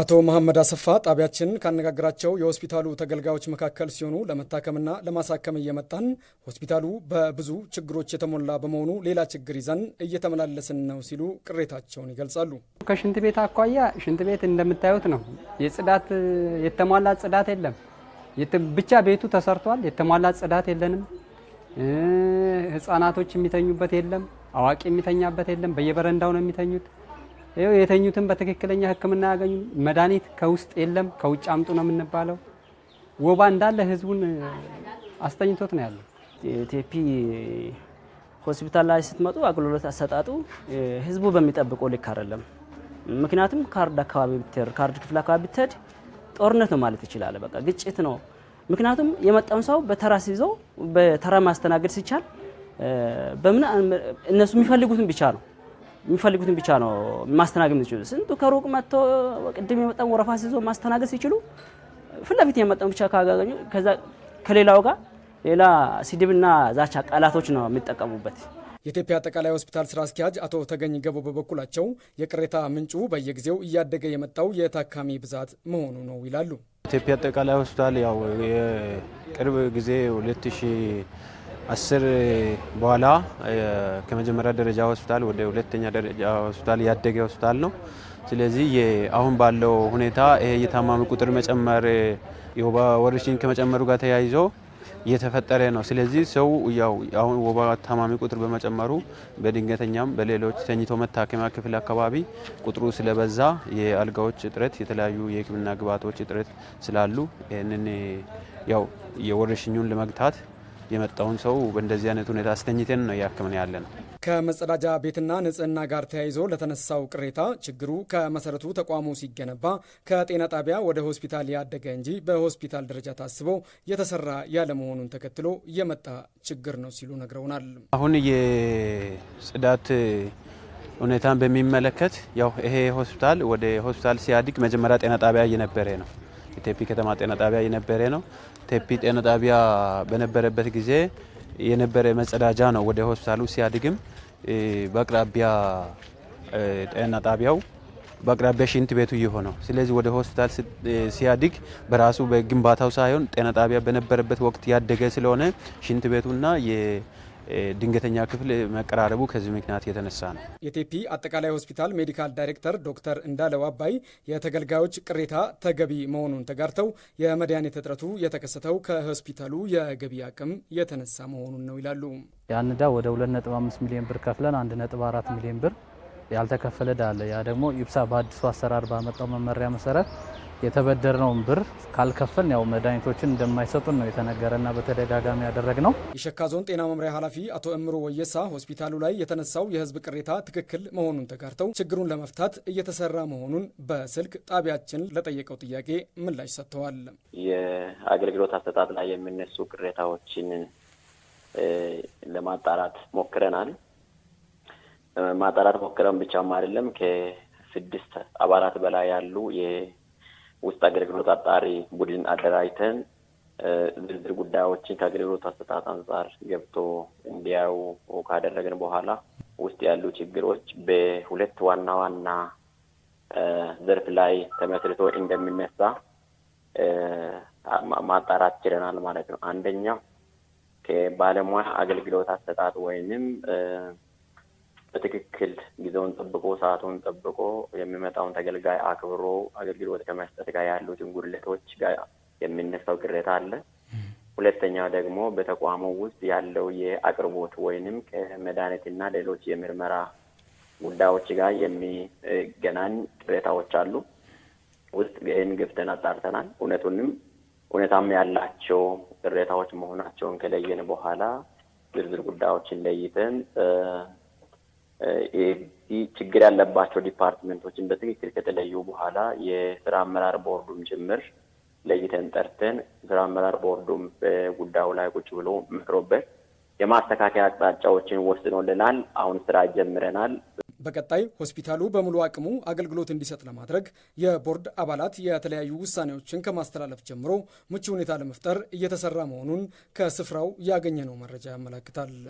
አቶ መሐመድ አሰፋ ጣቢያችን ካነጋገራቸው የሆስፒታሉ ተገልጋዮች መካከል ሲሆኑ ለመታከምና ለማሳከም እየመጣን ሆስፒታሉ በብዙ ችግሮች የተሞላ በመሆኑ ሌላ ችግር ይዘን እየተመላለስን ነው ሲሉ ቅሬታቸውን ይገልጻሉ። ከሽንት ቤት አኳያ ሽንት ቤት እንደምታዩት ነው። የጽዳት የተሟላ ጽዳት የለም። ብቻ ቤቱ ተሰርቷል፣ የተሟላ ጽዳት የለንም። ህጻናቶች የሚተኙበት የለም፣ አዋቂ የሚተኛበት የለም። በየበረንዳው ነው የሚተኙት። ይኸው የተኙትን በትክክለኛ ሕክምና ያገኙ። መድኃኒት ከውስጥ የለም ከውጭ አምጡ ነው የምንባለው። ወባ እንዳለ ህዝቡን አስተኝቶት ነው ያለው። ቴፒ ሆስፒታል ላይ ስትመጡ አገልግሎት አሰጣጡ ህዝቡ በሚጠብቀው ልክ አይደለም። ምክንያቱም ካርድ አካባቢ ብትሄድ ካርድ ክፍል አካባቢ ብትሄድ ጦርነት ነው ማለት ይችላል። በቃ ግጭት ነው። ምክንያቱም የመጣውን ሰው በተራ ሲይዘው በተራ ማስተናገድ ሲቻል በምን እነሱ የሚፈልጉትን ብቻ ነው የሚፈልጉትን ብቻ ነው ማስተናገድ ስንቱ ከሩቅ መጥቶ ቅድም የመጣን ወረፋ ሲዞ ማስተናገድ ሲችሉ ፊት ለፊት ብቻ ካገኙ ከዛ ከሌላው ጋር ሌላ ስድብና ዛቻ ቃላቶች ነው የሚጠቀሙበት። የኢትዮጵያ አጠቃላይ ሆስፒታል ስራ አስኪያጅ አቶ ተገኝ ገቦ በበኩላቸው የቅሬታ ምንጩ በየጊዜው እያደገ የመጣው የታካሚ ብዛት መሆኑ ነው ይላሉ። ኢትዮጵያ አጠቃላይ ሆስፒታል ያው የቅርብ ጊዜ 2000 አስር በኋላ ከመጀመሪያ ደረጃ ሆስፒታል ወደ ሁለተኛ ደረጃ ሆስፒታል ያደገ ሆስፒታል ነው። ስለዚህ አሁን ባለው ሁኔታ ይሄ የታማሚ ቁጥር መጨመር የወባ ወረርሽኝ ከመጨመሩ ጋር ተያይዞ እየተፈጠረ ነው። ስለዚህ ሰው ያው አሁን ወባ ታማሚ ቁጥር በመጨመሩ በድንገተኛም በሌሎች ተኝቶ መታከሚያ ክፍል አካባቢ ቁጥሩ ስለበዛ የአልጋዎች እጥረት፣ የተለያዩ የሕክምና ግብዓቶች እጥረት ስላሉ ይህንን ያው የወረርሽኙን ለመግታት የመጣውን ሰው በእንደዚህ አይነት ሁኔታ አስተኝተን ነው እያክምን ያለ ነው። ከመጸዳጃ ቤትና ንጽህና ጋር ተያይዞ ለተነሳው ቅሬታ ችግሩ ከመሰረቱ ተቋሙ ሲገነባ ከጤና ጣቢያ ወደ ሆስፒታል ያደገ እንጂ በሆስፒታል ደረጃ ታስቦ የተሰራ ያለመሆኑን ተከትሎ የመጣ ችግር ነው ሲሉ ነግረውናል። አሁን የጽዳት ሁኔታን በሚመለከት ያው ይሄ ሆስፒታል ወደ ሆስፒታል ሲያድግ መጀመሪያ ጤና ጣቢያ እየነበረ ነው ቴፒ ከተማ ጤና ጣቢያ የነበረ ነው። ቴፒ ጤና ጣቢያ በነበረበት ጊዜ የነበረ መጸዳጃ ነው። ወደ ሆስፒታሉ ሲያድግም በአቅራቢያ ጤና ጣቢያው በአቅራቢያ ሽንት ቤቱ የሆነው ስለዚህ ወደ ሆስፒታል ሲያድግ በራሱ በግንባታው ሳይሆን ጤና ጣቢያ በነበረበት ወቅት ያደገ ስለሆነ ሽንት ቤቱና ድንገተኛ ክፍል መቀራረቡ ከዚህ ምክንያት የተነሳ ነው። የቴፒ አጠቃላይ ሆስፒታል ሜዲካል ዳይሬክተር ዶክተር እንዳለው አባይ የተገልጋዮች ቅሬታ ተገቢ መሆኑን ተጋርተው የመድኃኒት እጥረቱ የተከሰተው ከሆስፒታሉ የገቢ አቅም የተነሳ መሆኑን ነው ይላሉ። ያን ዕዳ ወደ 2.5 ሚሊዮን ብር ከፍለን 1.4 ሚሊዮን ብር ያልተከፈለ ዕዳ አለ። ያ ደግሞ ኢብሳ በአዲሱ አሰራር ባመጣው መመሪያ መሰረት የተበደርነውን ብር ካልከፈልን ያው መድኃኒቶችን እንደማይሰጡን ነው የተነገረና በተደጋጋሚ ያደረግ ነው። የሸካ ዞን ጤና መምሪያ ኃላፊ አቶ እምሮ ወየሳ ሆስፒታሉ ላይ የተነሳው የህዝብ ቅሬታ ትክክል መሆኑን ተጋርተው ችግሩን ለመፍታት እየተሰራ መሆኑን በስልክ ጣቢያችን ለጠየቀው ጥያቄ ምላሽ ሰጥተዋል። የአገልግሎት አሰጣጥ ላይ የሚነሱ ቅሬታዎችን ለማጣራት ሞክረናል። ማጣራት ሞክረን ብቻም አይደለም ከስድስት አባላት በላይ ያሉ ውስጥ አገልግሎት አጣሪ ቡድን አደራጅተን ዝርዝር ጉዳዮችን ከአገልግሎት አሰጣጥ አንጻር ገብቶ እንዲያዩ ካደረግን በኋላ ውስጥ ያሉ ችግሮች በሁለት ዋና ዋና ዘርፍ ላይ ተመስርቶ እንደሚነሳ ማጣራት ችለናል ማለት ነው። አንደኛው ከባለሙያ አገልግሎት አሰጣጥ ወይንም በትክክል ጊዜውን ጠብቆ ሰዓቱን ጠብቆ የሚመጣውን ተገልጋይ አክብሮ አገልግሎት ከመስጠት ጋር ያሉትን ጉድለቶች ጋር የሚነሳው ቅሬታ አለ። ሁለተኛ ደግሞ በተቋሙ ውስጥ ያለው የአቅርቦት ወይንም ከመድኃኒትና ሌሎች የምርመራ ጉዳዮች ጋር የሚገናኝ ቅሬታዎች አሉ ውስጥ ይህን ገብተን አጣርተናል። እውነቱንም እውነታም ያላቸው ቅሬታዎች መሆናቸውን ከለየን በኋላ ዝርዝር ጉዳዮችን ለይተን ችግር ያለባቸው ዲፓርትመንቶችን በትክክል ከተለዩ በኋላ የስራ አመራር ቦርዱም ጭምር ለይተን ጠርተን ስራ አመራር ቦርዱም በጉዳዩ ላይ ቁጭ ብሎ መክሮበት የማስተካከያ አቅጣጫዎችን ወስኖልናል። አሁን ስራ ጀምረናል። በቀጣይ ሆስፒታሉ በሙሉ አቅሙ አገልግሎት እንዲሰጥ ለማድረግ የቦርድ አባላት የተለያዩ ውሳኔዎችን ከማስተላለፍ ጀምሮ ምቹ ሁኔታ ለመፍጠር እየተሰራ መሆኑን ከስፍራው ያገኘነው መረጃ ያመለክታል።